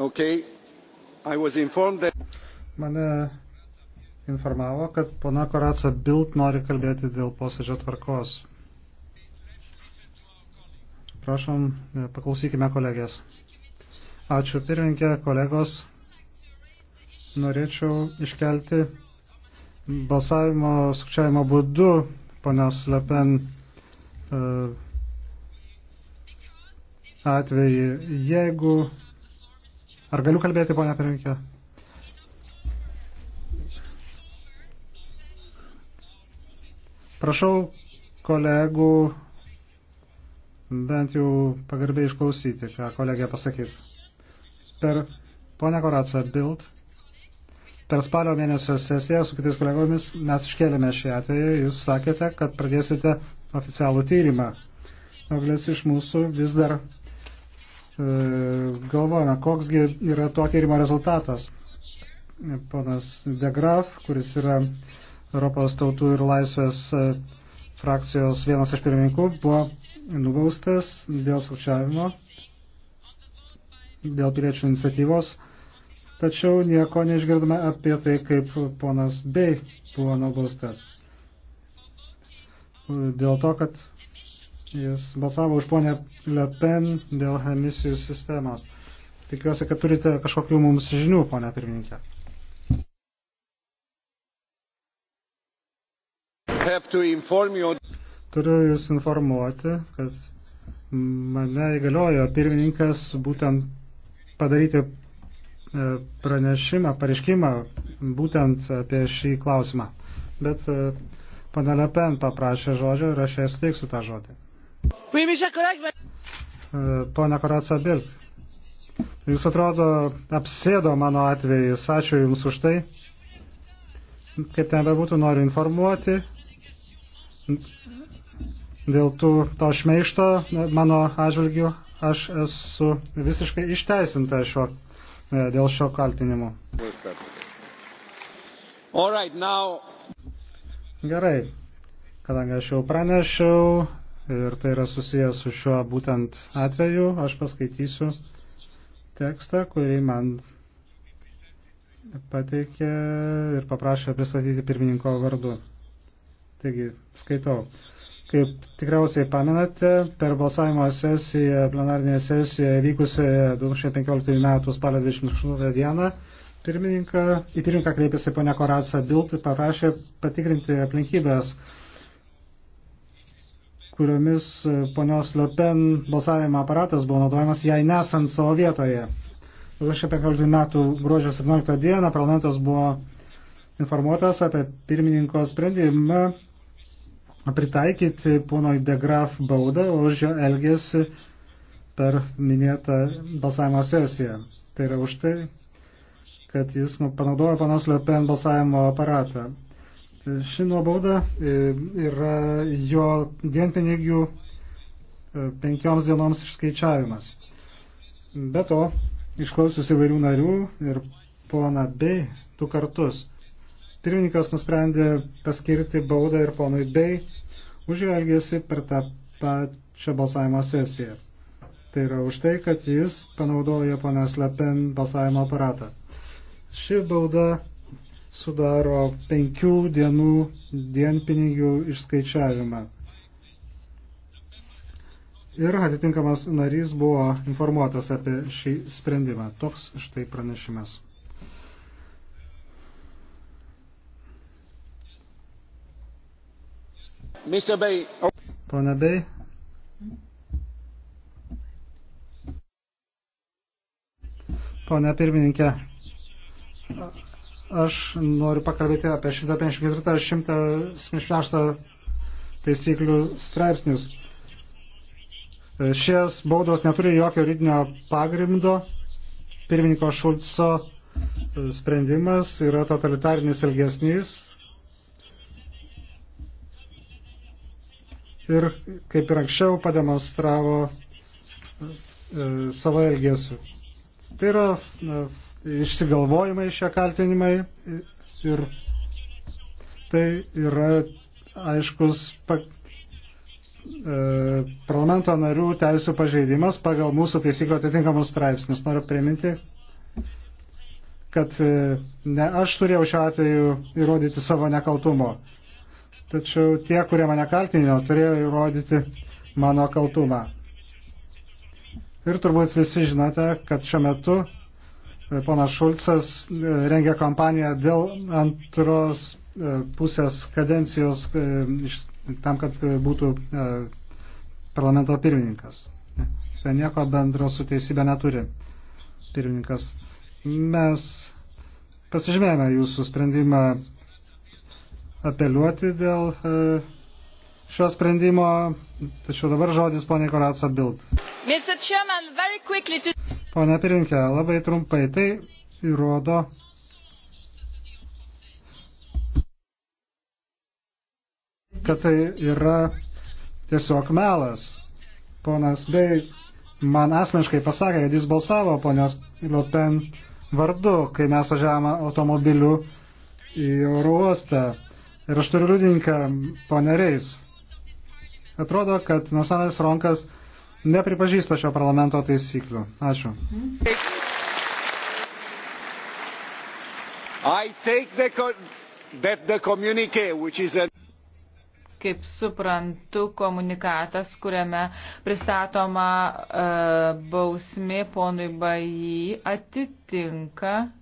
Okay. That... Mane informavo, kad pana Koraca Bilt nori kalbėti dėl posėdžio tvarkos. Prašom, e, paklausykime kolegės. Ačiū pirmininkė, kolegos. Norėčiau iškelti balsavimo sukčiavimo būdu ponios Lepen e, atvejį. Jeigu Ar galiu kalbėti, ponia pirmininkė? Prašau kolegų bent jau pagarbiai išklausyti, ką kolegė pasakys. Per ponę Koracą Bild, per spalio mėnesio sesiją su kitais kolegomis mes iškėlėme šį atvejį. Jūs sakėte, kad pradėsite oficialų tyrimą. Noglis iš mūsų vis dar E, galvojame, koksgi yra to tyrimo rezultatas. Ponas Degraf, kuris yra Europos tautų ir laisvės e, frakcijos vienas iš pirmininkų, buvo nubaustas dėl sukčiavimo, dėl piliečių iniciatyvos, tačiau nieko neišgirdome apie tai, kaip ponas Bey buvo nubaustas. Dėl to, kad Jis balsavo už ponę Le Pen dėl emisijų sistemos. Tikiuosi, kad turite kažkokių mums žinių, ponė pirmininkė. Turiu Jūs informuoti, kad mane įgaliojo pirmininkas būtent padaryti e, pranešimą, pareiškimą būtent apie šį klausimą. Bet e, panelė Pen paprašė žodžio ir aš jai suteiksiu tą žodį. Pone Koratsa Bild, jūs atrodo apsėdo mano atvejais. Ačiū Jums už tai. Kaip ten bebūtų, noriu informuoti dėl tų to šmeišto mano atžvilgių. Aš esu visiškai išteisinta šio, e, dėl šio kaltinimo. Right, now... Gerai, kadangi aš jau pranešiau ir tai yra susijęs su šiuo būtent atveju. Aš paskaitysiu tekstą, kurį man pateikė ir paprašė pristatyti pirmininko vardu. Taigi, skaitau. Kaip tikriausiai pamenate, per balsavimo sesiją, plenarinėje sesijoje vykusioje 2015 m. spalio 28 dieną pirmininką, į pirmininką kreipėsi ponia Koratsa Bilt ir paprašė patikrinti aplinkybės kuriomis e, ponios Le Pen balsavimo aparatas buvo naudojamas, jai nesant savo vietoje. 2015 m. gruodžio 17 d. parlamentas buvo informuotas apie pirmininko sprendimą pritaikyti ponoj de Graf baudą už jo elgesį per minėtą balsavimo sesiją. Tai yra už tai, kad jis nu, panaudojo panos Le Pen balsavimo aparatą. Ši nuobauda e, yra jo dienpinigių e, penkioms dienoms išskaičiavimas. Be to, išklausius įvairių narių ir pona B du kartus, pirmininkas nusprendė paskirti baudą ir ponui B už jo elgesį per tą pačią balsavimo sesiją. Tai yra už tai, kad jis panaudojo ponios Lepen balsavimo aparatą. Ši bauda sudaro penkių dienų dienpinigių išskaičiavimą. Ir atitinkamas narys buvo informuotas apie šį sprendimą. Toks štai pranešimas. Oh. Pone Bei. Pone pirmininkė, Aš noriu pakalbėti apie 154-176 taisyklių straipsnius. E, Šies baudos neturi jokio juridinio pagrindo. Pirmininko Šulco e, sprendimas yra totalitarinis ilgesnys. Ir kaip ir anksčiau pademonstravo e, savo elgesiu. Tai yra išsigalvojimai šie kaltinimai ir tai yra aiškus pa, e, parlamento narių teisų pažeidimas pagal mūsų taisyklių atitinkamus straipsnius. Noriu priminti, kad e, ne aš turėjau šiuo atveju įrodyti savo nekaltumo. Tačiau tie, kurie mane kaltinino, turėjo įrodyti mano kaltumą. Ir turbūt visi žinote, kad šiuo metu ponas Šulcas e, rengia kampaniją dėl antros e, pusės kadencijos e, tam, kad būtų parlamento pirmininkas. Tai nieko bendro su teisybė neturi pirmininkas. Mes pasižymėjome jūsų sprendimą apeliuoti dėl šio sprendimo, tačiau dabar žodis poniai Koratsa Bild. To... Pone Pirinkė, labai trumpai tai įrodo. kad tai yra tiesiog melas. Ponas Bey man asmeniškai pasakė, kad jis balsavo ponios Lopen vardu, kai mes važiavome automobiliu į oro uostą. Ir aš turiu liudininką ponereis. Atrodo, kad nacionalinis ronkas nepripažįsta šio parlamento taisyklių. Ačiū. The, Kaip suprantu, komunikatas, kuriame pristatoma uh, bausmė ponui Bajį, atitinka